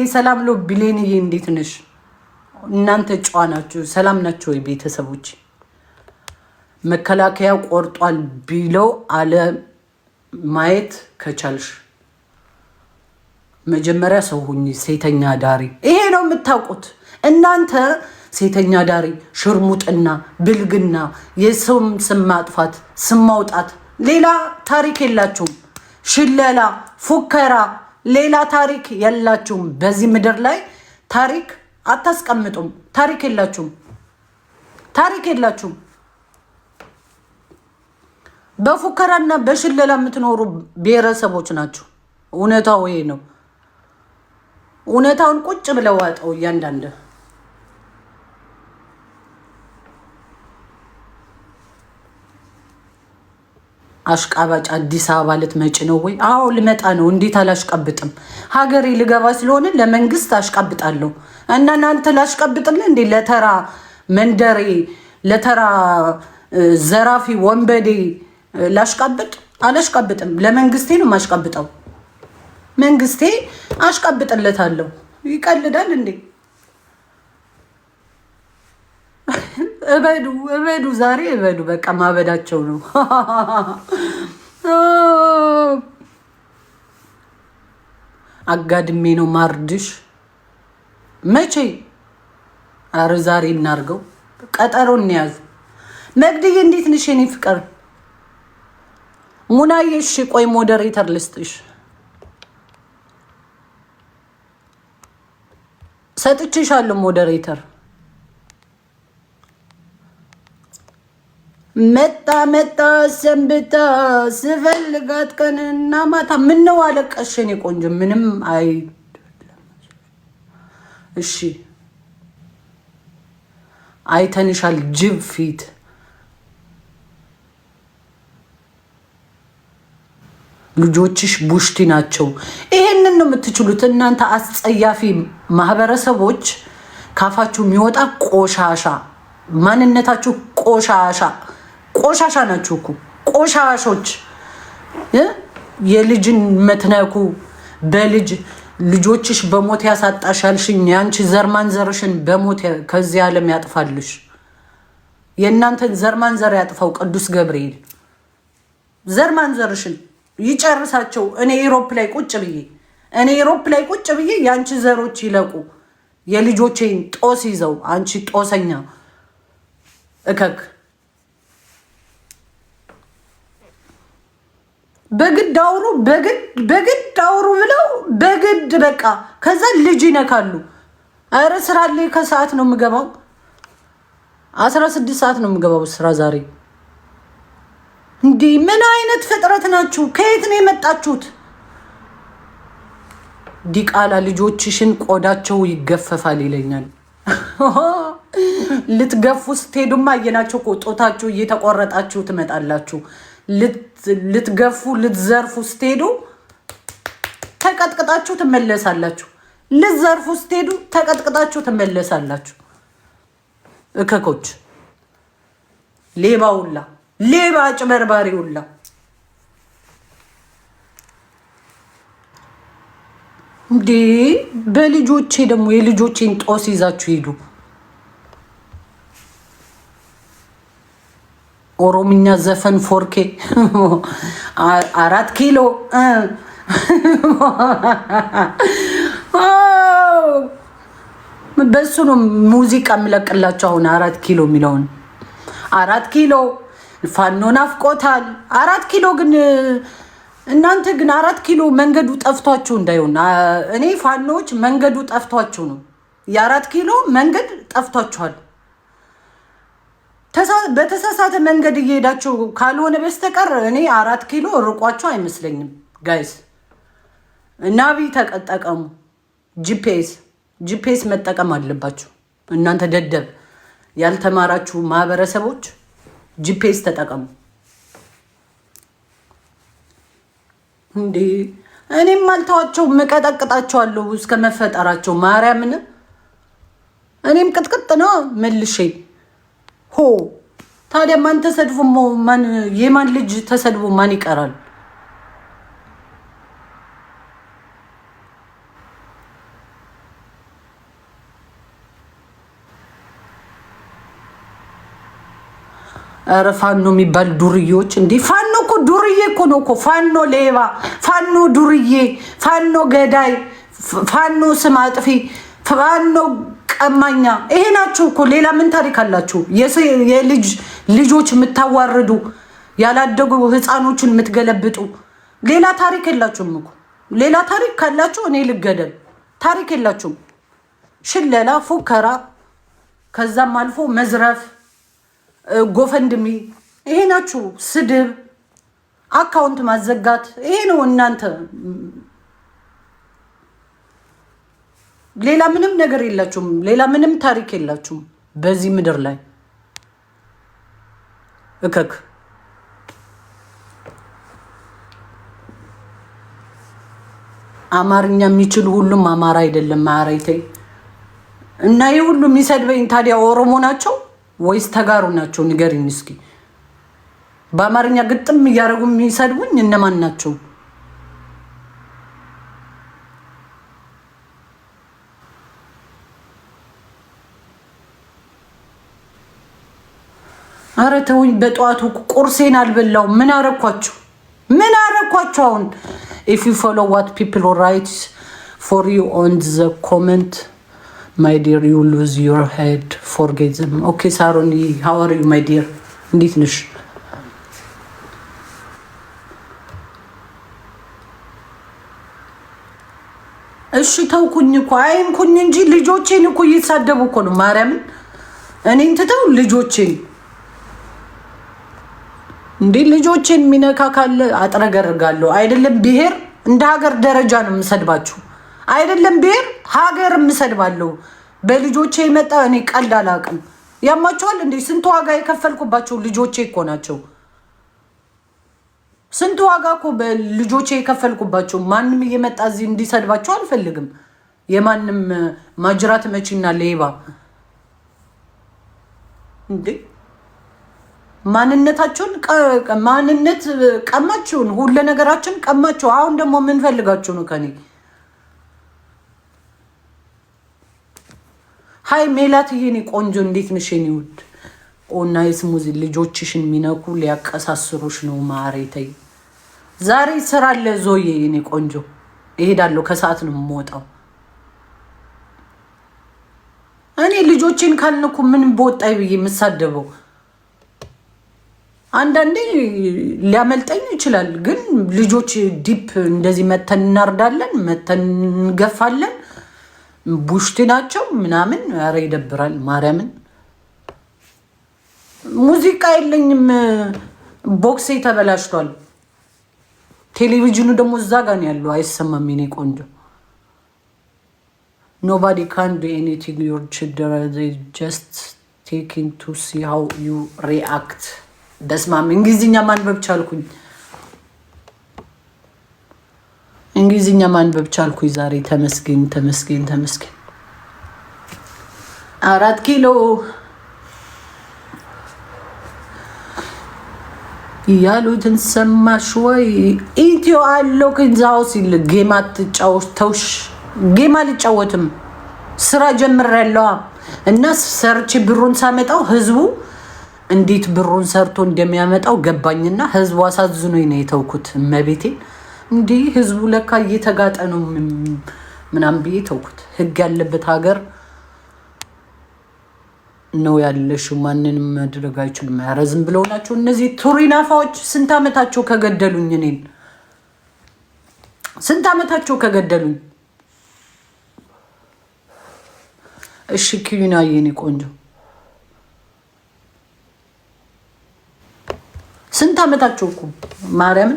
የሰላም ሎ ቢሌንዬ እንዴት ነሽ? እናንተ ጨዋ ናችሁ? ሰላም ናቸው ወይ ቤተሰቦች? መከላከያ ቆርጧል ቢለው አለ ማየት ከቻልሽ መጀመሪያ ሰው ሁኝ። ሴተኛ ዳሪ ይሄ ነው የምታውቁት እናንተ ሴተኛ ዳሪ፣ ሽርሙጥና፣ ብልግና፣ የሰውም ስም ማጥፋት፣ ስም ማውጣት፣ ሌላ ታሪክ የላችሁም። ሽለላ፣ ፉከራ ሌላ ታሪክ የላችሁም። በዚህ ምድር ላይ ታሪክ አታስቀምጡም። ታሪክ የላችሁም። ታሪክ የላችሁም። በፉከራና በሽለላ የምትኖሩ ብሔረሰቦች ናችሁ። እውነታው ይሄ ነው። እውነታውን ቁጭ ብለው ዋጠው እያንዳንድ አሽቃባጭ አዲስ አበባ ልትመጪ ነው ወይ? አዎ ልመጣ ነው። እንዴት አላሽቀብጥም? ሀገሬ ልገባ ስለሆነ ለመንግስት አሽቀብጣለሁ። እና እናንተ ላሽቀብጥለ እንዴ? ለተራ መንደሬ፣ ለተራ ዘራፊ ወንበዴ ላሽቀብጥ? አላሽቀብጥም። ለመንግስቴ ነው የማሽቀብጠው። መንግስቴ አሽቀብጥለታለሁ። ይቀልዳል እንዴ? እበዱ እበዱ፣ ዛሬ እበዱ። በቃ ማበዳቸው ነው። አጋድሜ ነው ማርድሽ። መቼ? አረ ዛሬ እናርገው፣ ቀጠሮ እንያዝ። መግድዬ እንዴት ነሽ የኔ ፍቅር? ሙናዬ፣ ቆይ ሞዴሬተር ልስጥሽ። ሰጥቼሻለሁ ሞዴሬተር መጣ መጣ ሰንብታ ስፈልጋት ቀንና ማታ። ነው አለቀሽ እኔ ቆንጆ? ምንም አይ እሺ አይተንሻል። ጅብ ፊት ልጆችሽ ቡሽቲ ናቸው። ይሄንን ነው የምትችሉት እናንተ አስጸያፊ ማህበረሰቦች። ካፋችሁ የሚወጣ ቆሻሻ፣ ማንነታችሁ ቆሻሻ ቆሻሻ ናችሁ እኮ ቆሻሾች። የልጅን መትነኩ በልጅ ልጆችሽ በሞት ያሳጣሻልሽኝ የአንቺ ዘርማንዘርሽን በሞት ከዚህ ዓለም ያጥፋልሽ። የእናንተን ዘርማንዘር ያጥፋው ቅዱስ ገብርኤል ዘርሽን ይጨርሳቸው። እኔ ኢሮፕ ላይ ቁጭ ብዬ እኔ ኢሮፕ ላይ ቁጭ ብዬ የአንቺ ዘሮች ይለቁ የልጆቼን ጦስ ይዘው አንቺ ጦሰኛ እከክ በግድ አውሩ በግድ አውሩ ብለው በግድ በቃ ከዛ ልጅ ይነካሉ። ኧረ ስራ ላይ ከሰዓት ነው የምገባው፣ አስራ ስድስት ሰዓት ነው የምገባው ስራ ዛሬ። እንዲህ ምን አይነት ፍጥረት ናችሁ? ከየት ነው የመጣችሁት? ዲቃላ ልጆችሽን ቆዳቸው ይገፈፋል ይለኛል። ልትገፉ ስትሄዱማ እየናቸው ጦታችሁ እየተቆረጣችሁ ትመጣላችሁ። ልትገፉ ልትዘርፉ ስትሄዱ ተቀጥቅጣችሁ ትመለሳላችሁ። ልትዘርፉ ስትሄዱ ተቀጥቅጣችሁ ትመለሳላችሁ። እከኮች፣ ሌባ ሁላ፣ ሌባ አጭበርባሪ ሁላ እንዴ! በልጆቼ ደግሞ የልጆቼን ጦስ ይዛችሁ ሂዱ። ኦሮምኛ ዘፈን ፎርኬ አራት ኪሎ በሱ ነው ሙዚቃ የምለቅላቸው። አሁን አራት ኪሎ የሚለውን አራት ኪሎ ፋኖ ናፍቆታል። አራት ኪሎ ግን እናንተ ግን አራት ኪሎ መንገዱ ጠፍቷችሁ እንዳይሆን፣ እኔ ፋኖዎች መንገዱ ጠፍቷችሁ ነው። የአራት ኪሎ መንገድ ጠፍቷችኋል። በተሳሳተ መንገድ እየሄዳችሁ ካልሆነ በስተቀር እኔ አራት ኪሎ ርቋቸው አይመስለኝም። ጋይስ ናቢ ተጠቀሙ። ጂፒኤስ ጂፒኤስ መጠቀም አለባችሁ። እናንተ ደደብ ያልተማራችሁ ማህበረሰቦች ጂፒኤስ ተጠቀሙ። እንዴ እኔም አልተዋቸው መቀጠቅጣቸዋለሁ እስከ መፈጠራቸው ማርያምን እኔም ቅጥቅጥ ነው መልሼ ሆ ታዲያ ማን ተሰድቦ የማን ልጅ ተሰድቦ ማን ይቀራል? ኧረ ፋኖ የሚባል ዱርዬዎች እንዴ! ፋኖ እኮ ዱርዬ እኮ ነው እኮ ፋኖ ሌባ፣ ፋኖ ዱርዬ፣ ፋኖ ገዳይ፣ ፋኖ ስም አጥፊ፣ ፋኖ ቀማኛ ይሄ ናችሁ እኮ። ሌላ ምን ታሪክ አላችሁ? የልጅ ልጆች የምታዋርዱ ያላደጉ ህፃኖችን የምትገለብጡ ሌላ ታሪክ የላችሁም እኮ። ሌላ ታሪክ ካላችሁ እኔ ልገደል። ታሪክ የላችሁም። ሽለላ፣ ፉከራ፣ ከዛም አልፎ መዝረፍ፣ ጎፈንድሚ ይሄ ናችሁ። ስድብ፣ አካውንት ማዘጋት ይሄ ነው እናንተ ሌላ ምንም ነገር የላችሁም። ሌላ ምንም ታሪክ የላችሁም በዚህ ምድር ላይ እከክ አማርኛ የሚችል ሁሉም አማራ አይደለም። ማራይቴ እና ይህ ሁሉ የሚሰድበኝ ታዲያ ኦሮሞ ናቸው ወይስ ተጋሩ ናቸው? ንገሪኝ እስኪ። በአማርኛ ግጥም እያደረጉ የሚሰድቡኝ እነማን ናቸው? አረ ተውኝ። በጠዋቱ ቁርሴን አልበላው። ምን አረኳቸው? ምን አረኳችሁ? አሁን ኢፍ ዩ ፎሎ ዋት ፒፕል ራይት ፎር ዩ ኦን ዘ ኮመንት ማይ ዲር ዩ ሉዝ ዩር ሄድ ፎርጌት ዘም። ኦኬ ሳሮን ሃው አር ዩ ማይ ዲር፣ እንዴት ነሽ? እሺ ተውኩኝ እኮ አይንኩኝ እንጂ ልጆቼን እኮ እየተሳደቡ እኮ ነው ማርያምን እኔን ትተው ልጆቼን እንዴ ልጆቼን የሚነካ ካለ አጥረገርጋለሁ። አይደለም ብሄር እንደ ሀገር ደረጃ ነው የምሰድባችሁ። አይደለም ብሄር ሀገር የምሰድባለሁ። በልጆቼ የመጣ እኔ ቀልድ አላውቅም። ያማቸዋል እንዴ? ስንት ዋጋ የከፈልኩባቸው ልጆቼ እኮ ናቸው። ስንት ዋጋ እኮ በልጆቼ የከፈልኩባቸው። ማንም እየመጣ እዚህ እንዲሰድባቸው አልፈልግም። የማንም ማጅራት መቺና ሌባ እንዴ ማንነታችሁን ማንነት ቀማችሁን፣ ሁለ ነገራችን ቀማችሁ። አሁን ደግሞ የምንፈልጋችሁ ነው ከኔ ሀይ ሜላት ይሄኔ ቆንጆ እንዴት ነሽ? የኔ ውድ ኦና የስሙዚ ልጆችሽን የሚነኩ ሊያቀሳስሩሽ ነው ማሬተይ ዛሬ ስራ አለ ዞዬ የኔ ቆንጆ እሄዳለሁ። ከሰዓት ነው የምወጣው እኔ ልጆቼን ካልንኩ ምን በወጣይ ብዬ የምሳደበው አንዳንዴ ሊያመልጠኝ ይችላል። ግን ልጆች ዲፕ እንደዚህ መተን እናርዳለን፣ መተን እንገፋለን። ቡሽቲ ናቸው ምናምን፣ ኧረ ይደብራል። ማርያምን ሙዚቃ የለኝም፣ ቦክሴ ተበላሽቷል። ቴሌቪዥኑ ደግሞ እዛ ጋር ነው ያለው፣ አይሰማም። የኔ ቆንጆ ኖባዲ ካን ዱ ኤኒቲንግ ዮር ችልድረን ጀስት ቴኪንግ ቱ ሲ ሃው ዩ ሪአክት በስማም እንግሊዝኛ ማንበብ ቻልኩኝ። እንግሊዝኛ ማንበብ ቻልኩኝ ዛሬ። ተመስገን ተመስገን ተመስገን። አራት ኪሎ ያሉትን ሰማሽ ወይ? ኢትዮ አለው ክንዛው ሲል ጌማ ትጫወት ተውሽ። ጌማ አልጫወትም ስራ ጀምሬያለዋ እና ሰርቼ ብሩን ሳመጣው ህዝቡ እንዴት ብሩን ሰርቶ እንደሚያመጣው ገባኝና ህዝቡ አሳዝኖኝ ነው የተውኩት። እመቤቴን እንዲህ ህዝቡ ለካ እየተጋጠ ነው ምናምን ብዬ ተውኩት። ህግ ያለበት ሀገር ነው ያለሽ፣ ማንንም ማድረግ አይችሉም። ኧረ ዝም ብለው ናቸው እነዚህ ቱሪናፋዎች። ስንት ዓመታቸው ከገደሉኝ እኔን ስንት ዓመታቸው ከገደሉኝ። እሺ ኪዩና የኔ ቆንጆ ስንት ዓመታቸው እኮ ማርያምን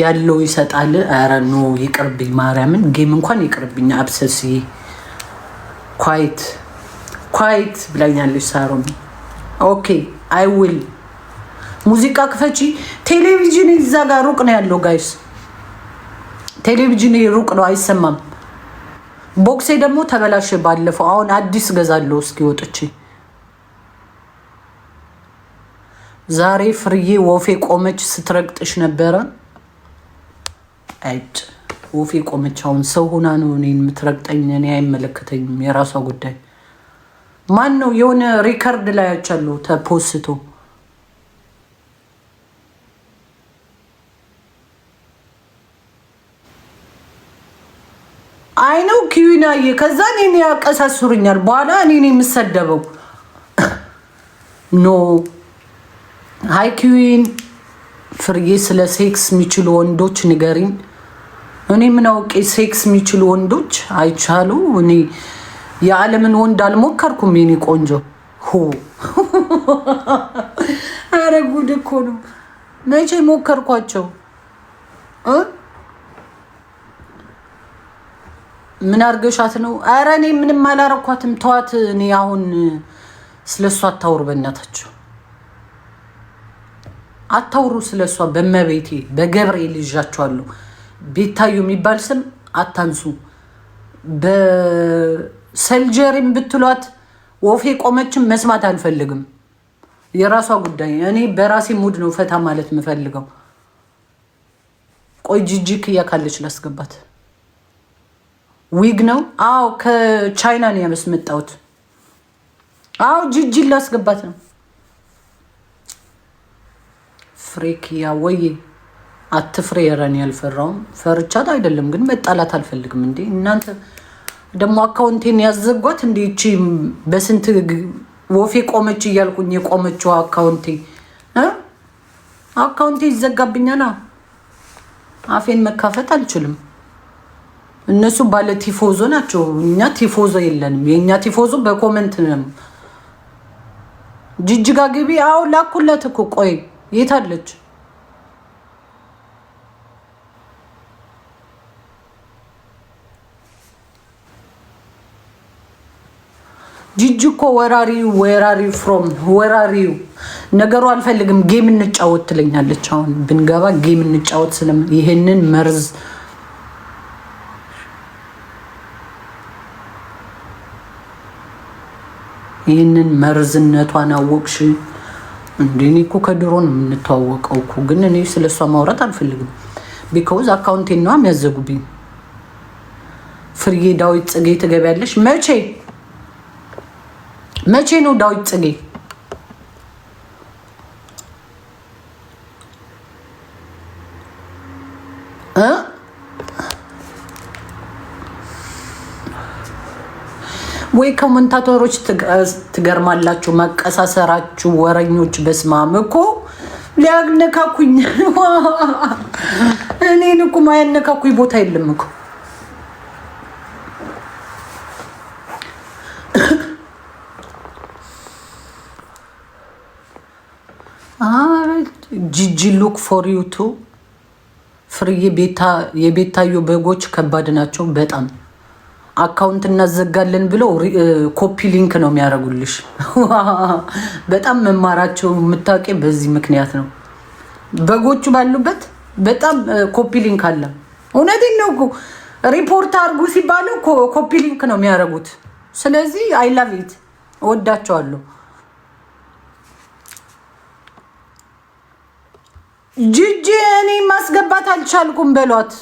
ያለው ይሰጣል። ኧረ ኖ ይቅርብኝ፣ ማርያምን ጌም እንኳን ይቅርብኝ። አብሰሲ ኳይት ኳይት ብላኛለች ሳሮም። ኦኬ አይ ዊል ሙዚቃ ክፈቺ። ቴሌቪዥን እዛ ጋር ሩቅ ነው ያለው ጋይስ፣ ቴሌቪዥን ሩቅ ነው አይሰማም። ቦክሴ ደግሞ ተበላሸ ባለፈው። አሁን አዲስ ገዛለሁ እስኪ ወጥቼ። ዛሬ ፍርዬ ወፌ ቆመች ስትረግጥሽ ነበረ። አይጭ ወፌ ቆመች። አሁን ሰው ሆና ነው እኔን የምትረግጠኝ? እኔ አይመለከተኝም። የራሷ ጉዳይ። ማን ነው የሆነ ሪከርድ ላይ ያቻለሁ ተፖስቶ ሂናዬ ከዛ እኔን ያቀሳስሩኛል። በኋላ እኔን የምሰደበው ኖ ሀይኪዊን ፍርዬ ስለ ሴክስ የሚችሉ ወንዶች ንገሪኝ። እኔ ምን አውቄ ሴክስ የሚችሉ ወንዶች አይቻሉ። እኔ የዓለምን ወንድ አልሞከርኩም። የኔ ቆንጆ ሁ አረ ጉድ እኮ ነው። መቼ ሞከርኳቸው? ምን አርገሻት ነው? አረ እኔ ምንም አላረኳትም። ተዋት። እኔ አሁን ስለ እሷ አታውሩ፣ በእናታችሁ አታውሩ ስለ እሷ። በመቤቴ በገብርኤል ይዣችኋለሁ። ቤታዩ የሚባል ስም አታንሱ። በሰልጀሪም ብትሏት ወፌ ቆመችም መስማት አልፈልግም። የራሷ ጉዳይ። እኔ በራሴ ሙድ ነው ፈታ ማለት የምፈልገው። ቆይ ጅጅክ እያካለች ላስገባት ዊግ ነው? አዎ ከቻይና ነው ያስመጣሁት። አዎ ጅጅን ላስገባት ነው። ፍሬክ ያወይ አትፍሬ። ረን ያልፈራውም ፈርቻት አይደለም ግን መጣላት አልፈልግም። እንዴ እናንተ ደግሞ አካውንቴን ያዘጓት እንደ ይቺ በስንት ወፌ ቆመች እያልኩኝ የቆመችው አካውንቴ አካውንቴ ይዘጋብኛል። አፌን መካፈት አልችልም። እነሱ ባለ ቲፎዞ ናቸው። እኛ ቲፎዞ የለንም። የእኛ ቲፎዞ በኮመንት ነው። ጅጅጋ ግቢ። አዎ ላኩለት እኮ ቆይ የታለች? ጅጅ እኮ ወራሪ ፍሮም ወራሪው ነገሩ አልፈልግም ጌም እንጫወት ትለኛለች። አሁን ብንገባ ጌም እንጫወት ስለም ይሄንን መርዝ ይህንን መርዝነቷን አወቅሽ እንዴ? እኔ እኮ ከድሮ ነው የምንተዋወቀው እኮ ግን እኔ ስለ ስለሷ ማውራት አልፈልግም። ቢካውዝ አካውንቴን ነዋ የሚያዘጉብኝ። ፍርዬ ዳዊት ጽጌ ትገቢያለሽ መቼ መቼ ነው ዳዊት ጽጌ? እ ወይ ኮመንታተሮች ትገርማላችሁ፣ መቀሳሰራችሁ ወረኞች። በስማም እኮ ሊያነካኩኝ እኔን እኮ ማያነካኩኝ ቦታ የለም እኮ ጂጂ ሉክ ፎር ዩቱ ፍርዬ የቤታዩ በጎች ከባድ ናቸው በጣም አካውንት እናዘጋለን ብለው ኮፒ ሊንክ ነው የሚያደርጉልሽ። በጣም መማራቸው የምታውቂ በዚህ ምክንያት ነው። በጎቹ ባሉበት በጣም ኮፒ ሊንክ አለ። እውነቴን ነው። ሪፖርት አድርጉ ሲባሉ ኮፒ ሊንክ ነው የሚያደርጉት። ስለዚህ አይ ላቭ ኢት እወዳቸዋለሁ። እኔ ማስገባት አልቻልኩም በሏት።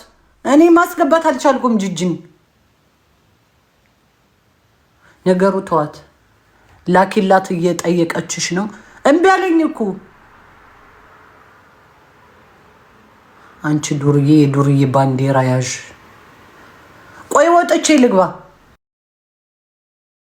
እኔ ማስገባት አልቻልኩም ጅጅን ነገሩ ተዋት። ላኪላት እየጠየቀችሽ ነው። እምቢ አለኝ እኮ አንቺ ዱርዬ፣ የዱርዬ ባንዲራ ያዥ። ቆይ ወጥቼ ልግባ።